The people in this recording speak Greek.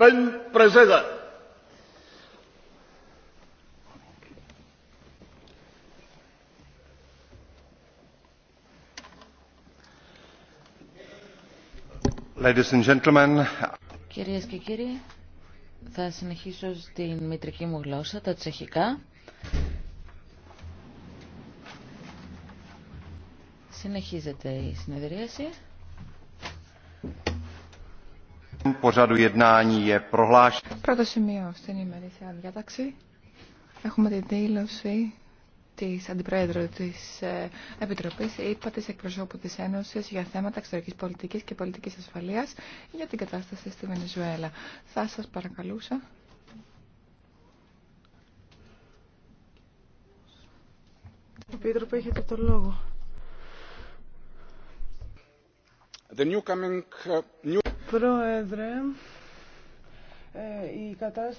Κυρίε Ladies and gentlemen. Κυρίες και κύριοι, θα συνεχίσω στην μητρική μου γλώσσα, τα τσεχικά. Συνεχίζεται η συνεδρίαση. Πρώτο σημείο στην ημερήσια διάταξη. Έχουμε τη δήλωση της Αντιπρόεδρου της Επιτροπής, είπα της εκπροσώπου της Ένωσης για θέματα εξωτερικής πολιτικής και πολιτικής ασφαλείας για την κατάσταση στη Βενεζουέλα. Θα σας παρακαλούσα. Επίτροπε, έχετε το λόγο. The new coming, uh, new... Πρόεδρε, ε, η κατάσταση